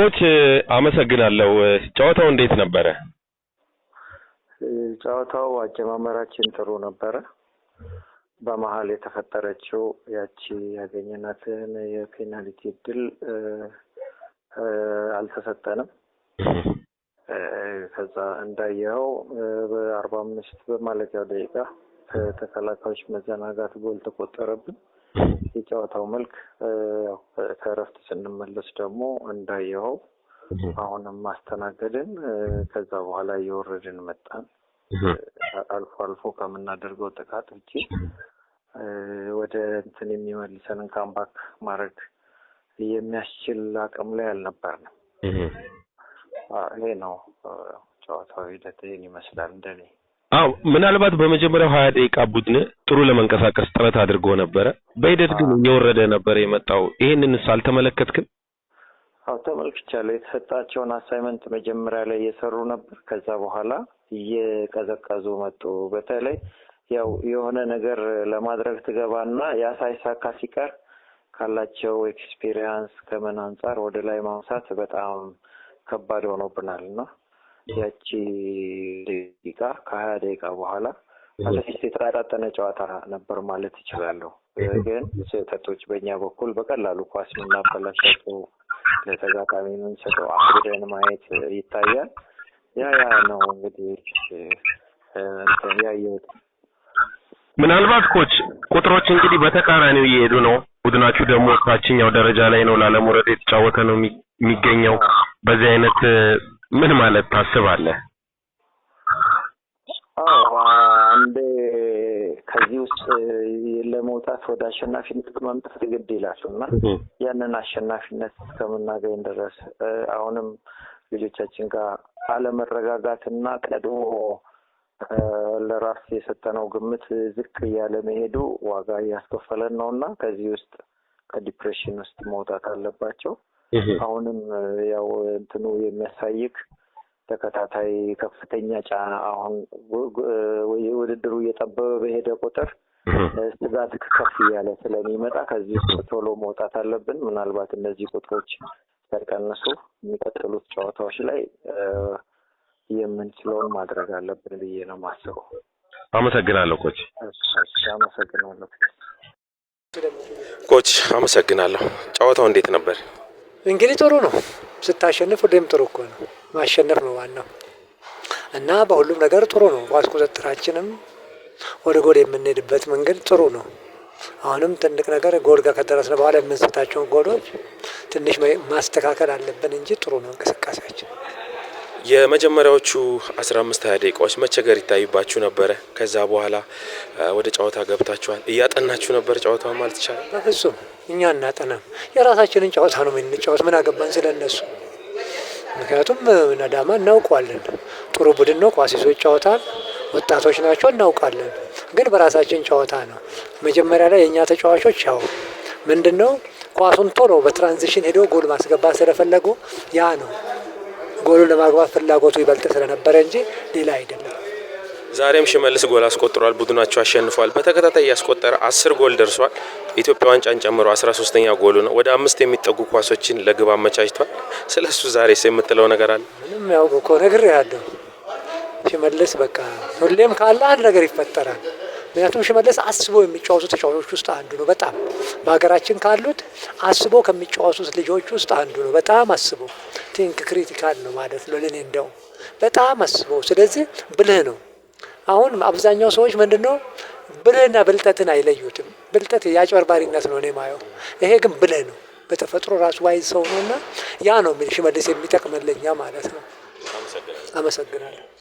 ኮች አመሰግናለሁ። ጨዋታው እንዴት ነበረ? ጨዋታው አጀማመራችን ጥሩ ነበረ። በመሀል የተፈጠረችው ያቺ ያገኘናትን የፔናልቲ እድል አልተሰጠንም። ከዛ እንዳየኸው በአርባ አምስት በማለቂያው ደቂቃ ተከላካዮች መዘናጋት ጎል ተቆጠረብን። የጨዋታው መልክ ያው ከእረፍት ስንመለስ ደግሞ እንዳየኸው አሁንም ማስተናገድን ከዛ በኋላ እየወረድን መጣን። አልፎ አልፎ ከምናደርገው ጥቃት ውጭ ወደ እንትን የሚመልሰንን ካምባክ ማድረግ የሚያስችል አቅም ላይ አልነበርንም። ይሄ ነው ጨዋታዊ ሂደት ይመስላል እንደኔ። አው ምናልባት በመጀመሪያው ሀያ ደቂቃ ቡድን ጥሩ ለመንቀሳቀስ ጥረት አድርጎ ነበረ። በሂደት ግን እየወረደ ነበረ የመጣው። ይሄንንስ አልተመለከትክም? አው ተመልክቻለሁ። የተሰጣቸውን አሳይመንት መጀመሪያ ላይ እየሰሩ ነበር። ከዛ በኋላ እየቀዘቀዙ መጡ። በተለይ ያው የሆነ ነገር ለማድረግ ትገባና ያ ሳይሳካ ሲቀር ካላቸው ኤክስፒሪየንስ ከምን አንጻር ወደ ላይ ማውሳት በጣም ከባድ ሆኖብናል እና ያቺ ደቂቃ ከሀያ ደቂቃ በኋላ አትሌት የተመጣጠነ ጨዋታ ነበር ማለት ይችላለሁ። ግን ስህተቶች በእኛ በኩል በቀላሉ ኳስ የምናበላሻቸው ለተጋጣሚ የምንሰጠው አክብደን ማየት ይታያል። ያ ያ ነው እንግዲህ ያየሁት። ምናልባት ኮች ቁጥሮች እንግዲህ በተቃራኒው እየሄዱ ነው። ቡድናችሁ ደግሞ ታችኛው ደረጃ ላይ ነው፣ ላለመውረድ የተጫወተ ነው የሚገኘው። በዚህ አይነት ምን ማለት ታስባለህ? አንድ ከዚህ ውስጥ ለመውጣት ወደ አሸናፊነት መምጣት ግድ ይላሉ እና ያንን አሸናፊነት እስከምናገኝ ድረስ አሁንም ልጆቻችን ጋር አለመረጋጋት እና ቀድሞ ለራስ የሰጠነው ግምት ዝቅ እያለ መሄዱ ዋጋ እያስከፈለን ነው እና ከዚህ ውስጥ ከዲፕሬሽን ውስጥ መውጣት አለባቸው። አሁንም ያው እንትኑ የሚያሳይክ ተከታታይ ከፍተኛ ጫና አሁን ውድድሩ እየጠበበ በሄደ ቁጥር ስጋት ከፍ እያለ ስለሚመጣ ከዚህ ቶሎ መውጣት አለብን። ምናልባት እነዚህ ቁጥሮች ሳይቀንሱ የሚቀጥሉት ጨዋታዎች ላይ የምንችለውን ማድረግ አለብን ብዬ ነው ማስበው። አመሰግናለሁ ኮች። አመሰግናለሁ ኮች። አመሰግናለሁ። ጨዋታው እንዴት ነበር? እንግዲህ ጥሩ ነው። ስታሸንፍ ሁሌም ጥሩ እኮ ነው። ማሸነፍ ነው ዋናው እና በሁሉም ነገር ጥሩ ነው። ኳስ ቁጥጥራችንም ወደ ጎል የምንሄድበት መንገድ ጥሩ ነው። አሁንም ትልቅ ነገር ጎል ጋር ከደረስን በኋላ የምንስታቸውን ጎሎች ትንሽ ማስተካከል አለብን እንጂ ጥሩ ነው እንቅስቃሴያችን። የመጀመሪያዎቹ 15 20 ደቂቃዎች መቸገር ይታይባችሁ ነበረ። ከዛ በኋላ ወደ ጨዋታ ገብታችኋል። እያጠናችሁ ነበር ጨዋታው ማለት ይቻላል? በፍጹም እኛ እናጠናም። የራሳችንን ጨዋታ ነው የምንጫወት። ምን አገባን ስለ እነሱ። ምክንያቱም አዳማ እናውቀዋለን። ጥሩ ቡድን ነው፣ ኳስ ይዞ ይጫወታል። ወጣቶች ናቸው፣ እናውቃለን። ግን በራሳችን ጨዋታ ነው መጀመሪያ ላይ የእኛ ተጫዋቾች ያው ምንድን ነው ኳሱን ቶሎ በትራንዚሽን ሄዶ ጎል ማስገባት ስለፈለጉ ያ ነው ጎሉን ለማግባት ፍላጎቱ ይበልጥ ስለነበረ እንጂ ሌላ አይደለም። ዛሬም ሽመልስ ጎል አስቆጥሯል። ቡድናቸው አሸንፏል። በተከታታይ ያስቆጠረ አስር ጎል ደርሷል። ኢትዮጵያ ዋንጫን ጨምሮ አስራ ሶስተኛ ጎሉ ነው። ወደ አምስት የሚጠጉ ኳሶችን ለግብ አመቻችቷል። ስለ እሱ ዛሬ የምትለው ነገር አለ? ምንም ያው እኮ ነግር ያለው ሽመልስ በቃ ሁሌም ካለ አንድ ነገር ይፈጠራል። ምክንያቱም ሽመልስ አስቦ የሚጫወቱ ተጫዋቾች ውስጥ አንዱ ነው። በጣም በሀገራችን ካሉት አስቦ ከሚጫወቱት ልጆች ውስጥ አንዱ ነው። በጣም አስቦ ቲንክ ክሪቲካል ነው ማለት ነው። ለኔ እንደው በጣም አስበው። ስለዚህ ብልህ ነው። አሁን አብዛኛው ሰዎች ምንድን ነው ብልህና ብልጠትን አይለዩትም። ብልጠት የአጭበርባሪነት ነው እኔ ማየው። ይሄ ግን ብልህ ነው በተፈጥሮ ራሱ ዋይዝ ሰው ነው እና ያ ነው ሽመልስ የሚጠቅምልኛ ማለት ነው። አመሰግናለሁ።